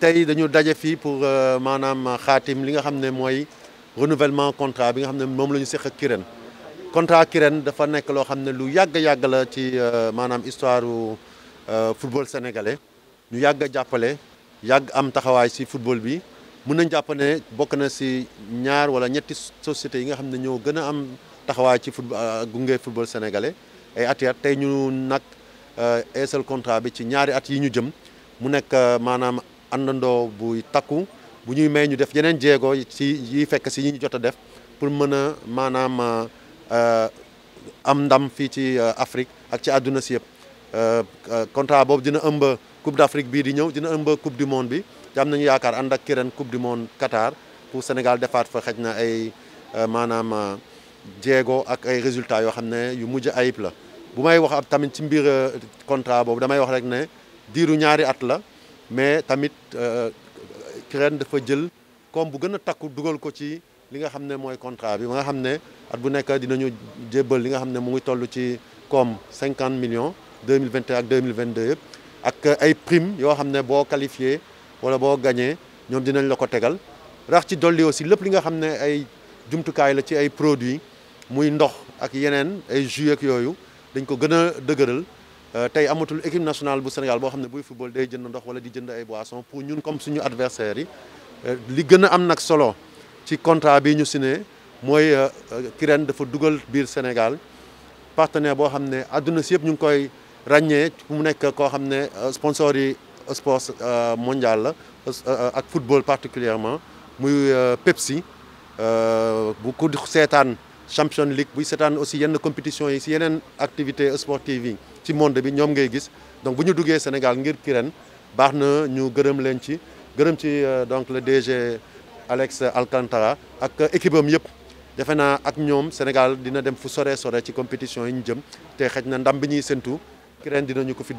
tey dañu daje fii pour euh, maanaam xaatim li nga xam ne mooy renouvellement contrat bi nga xam ne moom la ñu seq ak Kirène contrat Kirène dafa nekk loo xam ne lu yàgg yàgg la ci euh, maanaam histoire euh, football sénégalais ñu yàgg jàppale yàgg am taxawaay si football bi mun nañ jàpp ne bokk na si ñaar wala ñetti sociétés yi nga xam ne ñoo gën a am taxawaay ci football gunge football sénégalais ay at at tey ñu nag eesal contrat bi ci ñaari at yi ñu jëm mu nekk maanaam. àndandoo buy takku bu ñuy may ñu def yeneen jéego ci yi fekk si yi ñu jot a def pour mën a maanaam euh, am ndam fii ci euh, Afrique ak ci àdduna si yëpp euh, contrat boobu dina ëmb coupe d'Afrique bii di ñëw dina ëmb coupe du monde bi te am nañu yaakaar ànd ak kiren coupe du monde Qatar pour Sénégal defaat fa xëj na ay maanaam jéego ak ay résultats yoo xam ne yu mujj ayib la bu may wax ab tamit ci mbir contrat boobu damay wax rek ne diiru ñaari at la mais tamit CREN euh, dafa jël koom bu gën a takku dugal ko ci li nga xam ne mooy contrat bi ba nga xam ne at bu nekk dinañu jébbal li nga xam ne mu ngi toll ci koom cinquante millions 2021 ak 2022 yëpp ak ay prime yoo xam ne boo qualifié wala boo gañee ñoom dinañ la ko tegal rax ci dolli aussi lépp li nga xam ne ay jumtukaay la ci ay produits muy ndox ak yeneen ay jus yooyu dañ ko gën a dëgëral Euh, Tay amatul équipe nationale bu Sénégal bo xamné ne buy football day jënd ndox wala di jënd ay boissons pour ñun comme suñu adversaires yi euh, li gëna am nak solo ci contrat bi ñu signé moy euh, Kirène dafa duggal biir Sénégal partenaire bo xamné aduna àdduna si ñu koy ragné mu nekk koo sponsor yi sport mondial la ak football particulièrement muy Pepsi bu ko sétane champion league c'est aussi une compétition yi une activité sportive ci monde bi donc Sénégal ngir sommes en ñu gëreum leen ci Nous ci euh, donc le DG Alex Alcantara ak équipe am ak Sénégal dina dem fu compétition yi ñu jëm ndam bi dinañu ko fi